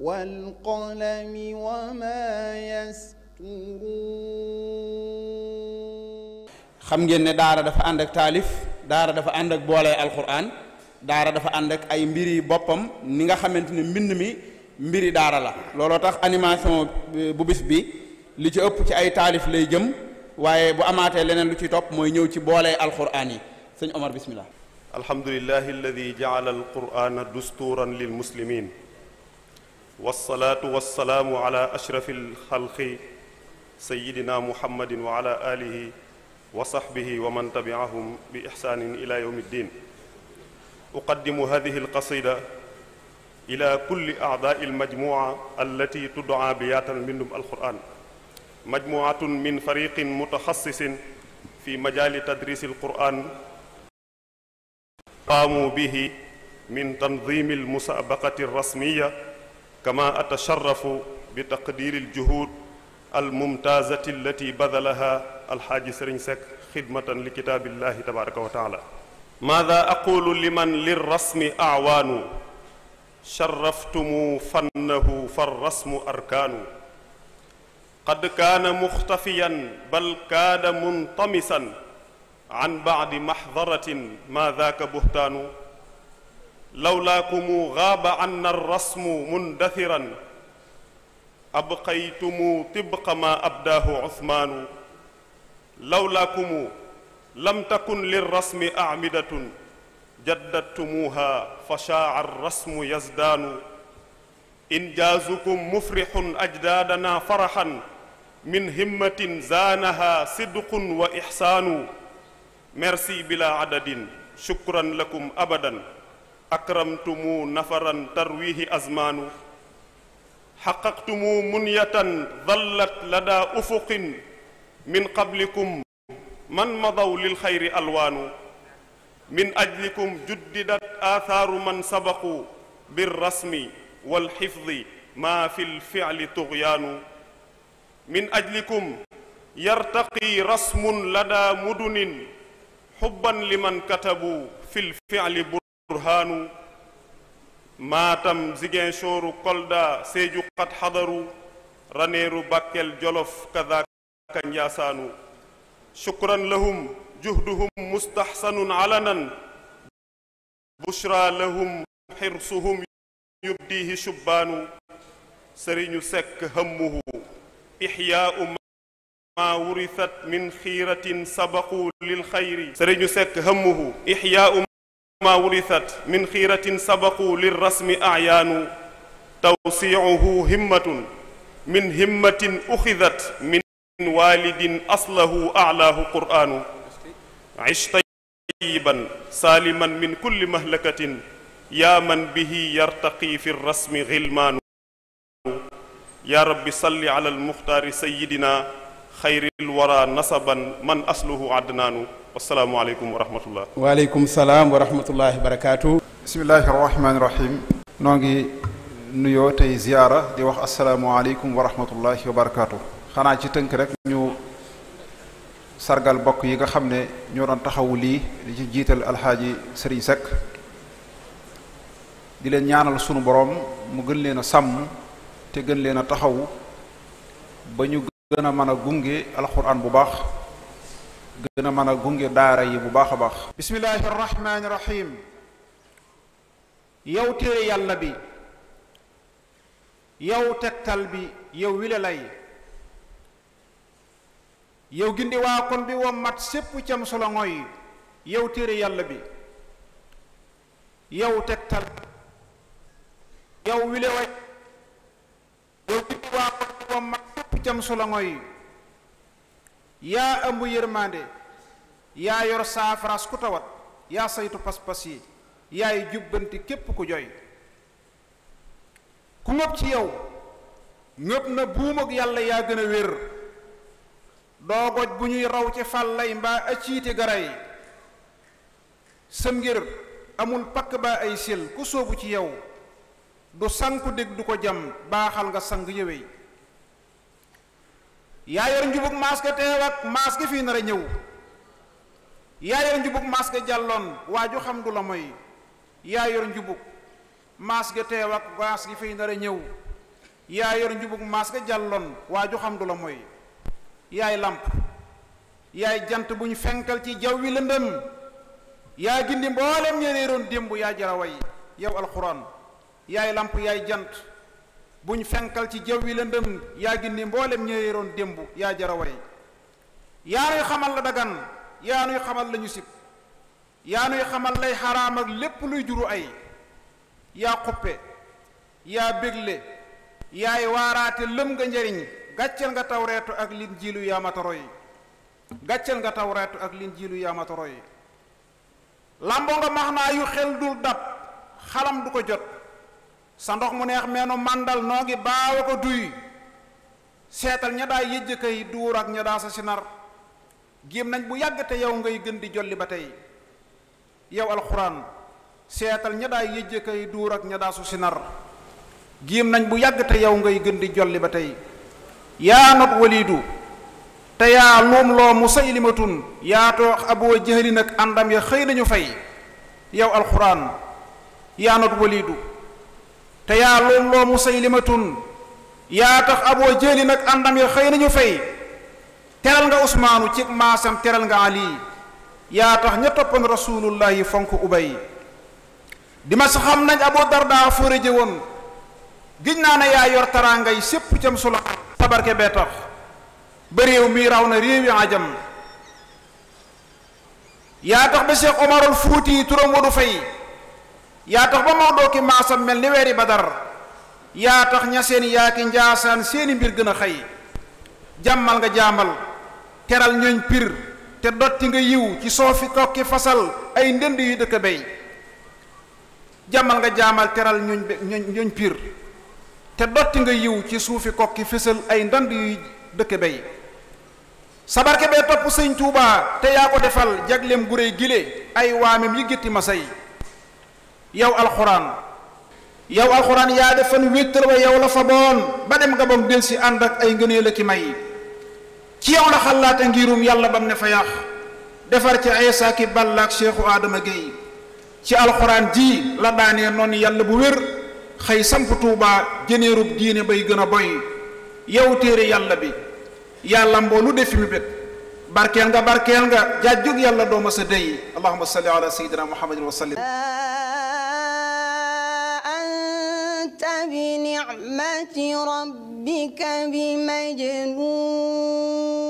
والقلم وما يسطرون xam ngeen ne daara dafa ànd ak taalif daara dafa ànd ak boole alquran daara dafa ànd ak ay mbiri boppam ni nga xamante ne mbind mi mbiri daara la looloo tax animation bu bis bi li ci ëpp ci ay taalif lay jëm waaye bu amaatee leneen lu ci topp mooy ñëw ci boole alquran yi sëñ Omar bismillah alhamdulillahi alladi jaala alqurana dusturan lil muslimin wasalaatu wasalaamu ala ashrafi alxalqi sayidina muhammadin wa ala alihi wa saxbihi wa man tabiahum bi ixsaanin ila yowm ddin uqaddimu hadihi alqasida ila kulli aadaai almajmuca allati tudca biyaatan mbindum alquran majmucatun min fariqin mutaxassisin fi majaali tadris alquran qaamu bihi min tanzimi almusaabaqati alrasmiya كما أتشرف بتقدير الجهود الممتازة التي بذلها الحاج سرين سك خدمة لكتاب الله تبارك وتعالى ماذا أقول لمن للرسم أعوان شرفتم فنه فالرسم أركان قد كان مختفيا بل كان منطمسا عن بعد محضرة ما ذاك بهتان lawlaakumu gaaba anna rasmu mundasiran abqaytumu tibqa ma abdaahu usmaanu lawlaakumu lam takun lirrasmi amidatun jaddattumuuha fa shaaca arrasmu yazdaanu injaazukum mufrixun ajdaadana faraxan min himmatin zaanaha sidqun wa ixsaanu merci bila adadin shukran lakum abadan akramtumu nafaran tarwihi azmaanu xaqaqtumu munyatan dallat lada ufuqin min qablikum man madaw lil xayri alwaanu min ajlikum juddidat athaaru man sabaqu birrasmi walxifdi maa fi lficli tugyaanu min ajlikum yartaqi rasmun lada mudunin xubban liman katabu fi lficli burhaanu maatam ziguinchooru kolda séeju xat xadaru raneeru bàkkel jolof kadaaka njaasaanu shukran lahum juhduhum mustaxsanun alanan bushra lahum xirsuhum yubdihi shubbaanu sëriñu sekk hëmmuhu ixyaau ma wurisat min xiiratin sabaqu lil xayri sëriñu sekk hëmmuhu ixyaau ma wurithat min xiiratin sabaqu lirrasmi ayaanu tawsiicuhu himmatun min himmatin uxidat min walidin aslahu alaahu qur'aanu ish tayiban saaliman min kulli mahlakatin yaa man bihi yartaqi fi rrasmi xilmaanu yaa rabbi salli ala almuxtaari sayidina xayril wara nasaban man asluhu adnaanu wasalaamualeykum wa rahmatullah waaleykum salaam wa rahmatullahi barakaatu bismillahi rahmaani rahim noo ngi nuyoo tey ziyaara di wax asalaamualeykum wa rahmatullahi xanaa ci tënk rek ñu sargal bokk yi nga xam ne ñoo doon taxawu lii li ci jiital alxaaji sëriñ Seck di leen ñaanal sunu boroom mu gën leen a sàmm te gën leen a taxawu ba ñu gën a a gunge alxuraan bu baax gën a mën gunge daara yi bu baax a baax bismillahi arrahmani irahim yow téere yàlla bi yow tegtal bi yow wile lay yow gindi waa kon bi wom sépp cam solo ngoy yow téere yàlla bi yow tegtal yow wile way yow gindi jam cam solongo yi yaa ëmb yërmande yaa yor saafaraas ku tawat yaa saytu pas-pas yi yaay jubbanti képp ku joy ku ngëb ci yow ngëb na buum yàlla yaa gën a wér doo bu ñuy raw ci fàllay mbaa aciiti gara yi sa ngir amul pakk baa ay sil ku sóobu ci yow du sanku dég du ko jam baaxal nga sang yëwey yaa yor njubug maas ga teew ak maas ga fii nar a ñëw yaa yor njubug maas jàlloon waa ju xam du la mooy yaa yor njubug maas ga teew ñëw yaa yor njubug maas ga jàlloon waa ju xam du la mooy yaay làmp yaay jant bu ñu fenkal ci jaww wi lëndëm yaa gindi mboolem ñereeroon démb yaa jaraway yow alxuraan yaay làmp yaay jant buñ fenkal ci jëw wi la ndëm yaa gindi mboolem ñëyeroon démb yaa jaraway yaa nuy xamal la dagan yaa nuy xamal lañu ñu yaa nuy xamal lay xaraam ak lépp luy juru ay yaa xuppe yaa bégle yaay waaraate lëm nga njariñ gàcceel nga tawreetu ak lin jiilu yaa matoro yi nga tawreetu ak lin jiilu yaa matoro nga max naa yu xel dul dab xalam du ko jot sa ndox mu neex meenu màndal noo ngi baaw a ko duy seetal ña daa yëjj kay duur ak ña daa sa sinar géem nañ bu yàgg te yow ngay gën di jolli ba tey yow alxuraan seetal ña daa yëjj kay duur ak su sinar géem nañ bu yàgg yow ngay gën di jolli ba tey yaa not waliidu te yaa luum loo musaylimatun yaa toox aboo jëhli nag àndam ya xëy nañu fay yow alxuraan yaa not waliidu te yaa loolu loo musaylimatun yaa tax aboo jëli nag àndam ya xëy nañu fay teral nga usmaanu ci maasam teral nga ali yaa tax ña toppoon rasulullahi fonk ubay dima sa xam nañ aboo darda fóoreje woon giñ yaa yor taraangay sépp cam sula sabarke bee tax ba réew mi raw na réewi ajam yaa tax ba Cheikh Omarul Fuuti turam wadu fay yaa tax ba Maodo ki maasam mel ni weeri Badar yaa tax ña seen yaa ki njaasaan seeni mbir gën a xëy jàmmal nga jaamal teral ñooñ pir te dotti nga yiw ci soofi kokki fasal ay ndënd jàmmal nga jaamal teral ñooñ pir te dotti nga yiw ci suufi kokki fësal ay ndënd yu dëkk bay sabarke bee topp sëñ Tuubaa te yaa ko defal jagleem gurey gile ay waamem yi gétti ma say yow alxuraan yow alxuraan yaa defan wéttal wa yow la faboon ba dem gabon del si ànd ak ay ngëneel a ki may ci yow la xalaate ngirum yàlla bam ne fa yàq defar ci Iisaa ki bàllaak Seexu Aadama Géey ci alxuraan ji la daanee noonu yàlla bu wér xëy samp tuubaa jëneerub diine bay gën a boy yow téere yàlla bi yàlla mboolu defi mu bét barkeel nga barkeel nga jaajug yàlla dooma sa dey allahuma salli ala sayyidina muhammadin wa بنعمة ربك بمجنون